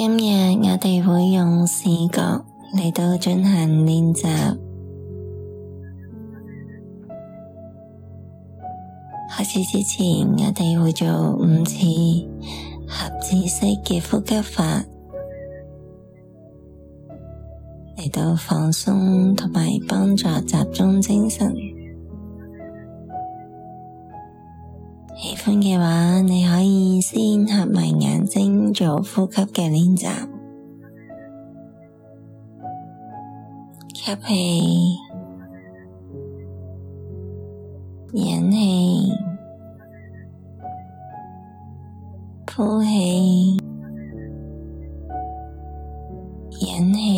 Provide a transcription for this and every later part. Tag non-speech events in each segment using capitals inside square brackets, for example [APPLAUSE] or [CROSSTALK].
今日我哋會用視覺嚟到進行練習。開始之前，我哋會做五次合字式嘅呼吸法，嚟到放鬆同埋幫助集中精神。嘅話，你可以先合埋眼睛做呼吸嘅練習，吸氣、引氣、呼氣、引氣。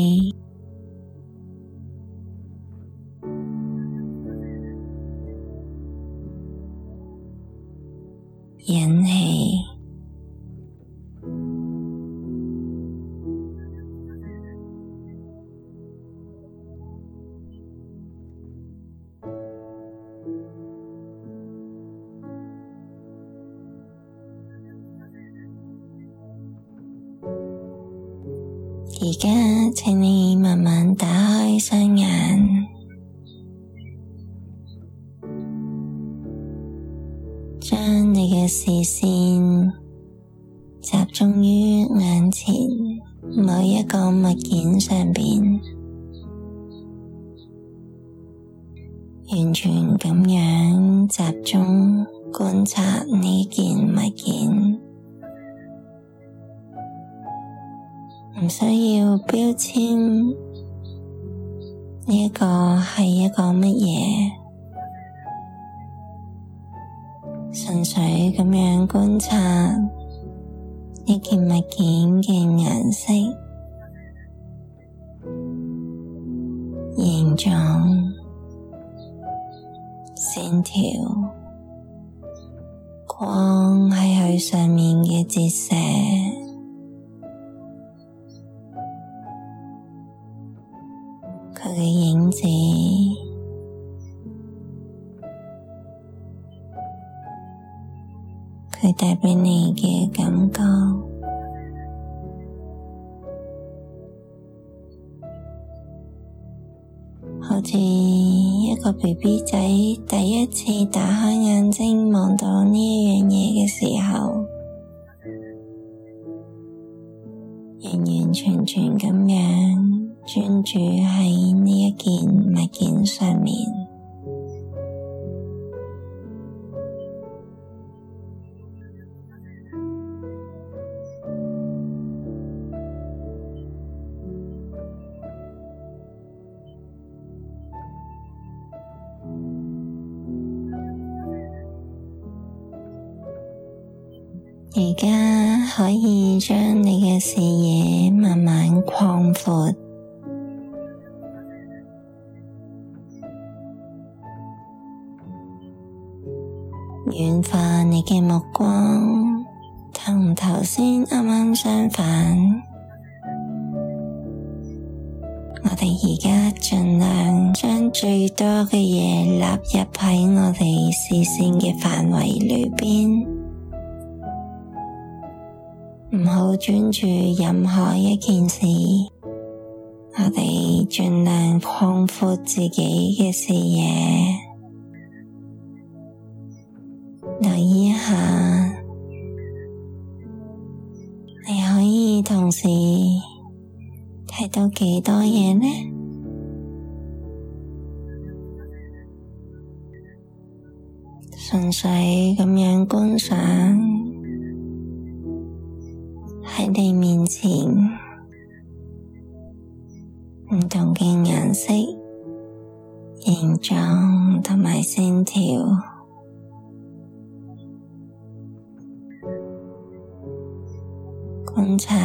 而家請你慢慢打開雙眼，將你嘅視線集中於眼前每一個物件上邊，完全咁樣集中觀察呢件物件。唔需要標籤，呢個係一個乜嘢？純粹咁樣觀察呢件物件嘅顏色、形狀、線條、光係佢上面嘅折射。佢帶畀你嘅感覺， [NOISE] 好似一個 BB 仔第一次打開眼睛望到呢一樣嘢嘅時候，完完全全咁樣專注喺呢一件物件上面。而家可以將你嘅視野慢慢擴闊，軟化你嘅目光，同頭先啱啱相反。我哋而家盡量將最多嘅嘢納入喺我哋視線嘅範圍裏邊。唔好專注任何一件事，我哋盡量擴闊自己嘅視野。留意一下，你可以同時睇到幾多嘢呢？純粹咁樣觀賞。唔同嘅顏色、形狀同埋線條，觀察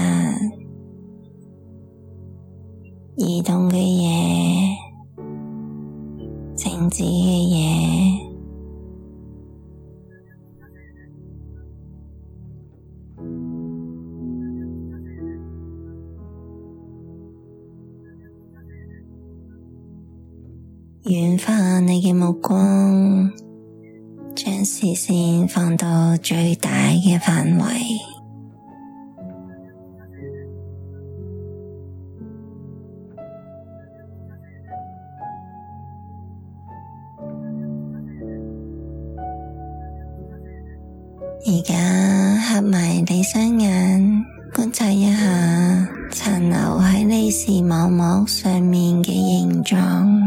移動嘅嘢、靜止嘅嘢。轉化你嘅目光，將視線放到最大嘅範圍。而家合埋你雙眼，觀察一下殘留喺你視網膜上面嘅形狀。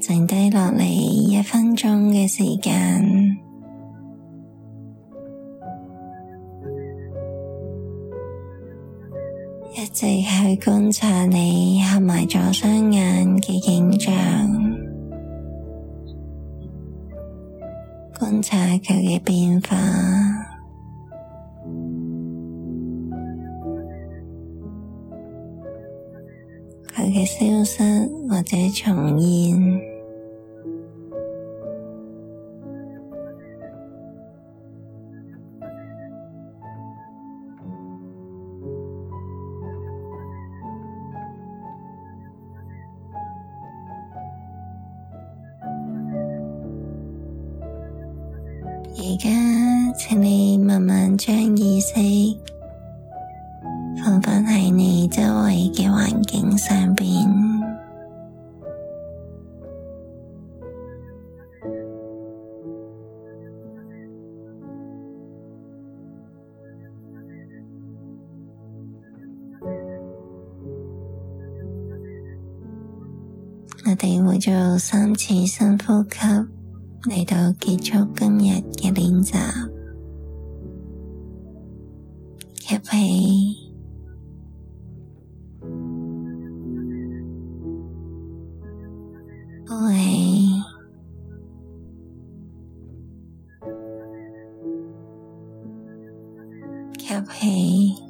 剩低落嚟一分鐘嘅時間，一直去觀察你合埋咗雙眼嘅影像，觀察佢嘅變化。失或者重現。而家，請你慢慢將意識放返喺你周圍嘅環境上邊。我哋會做三次深呼吸嚟到，結束今日嘅練習。吸氣，呼氣，吸氣。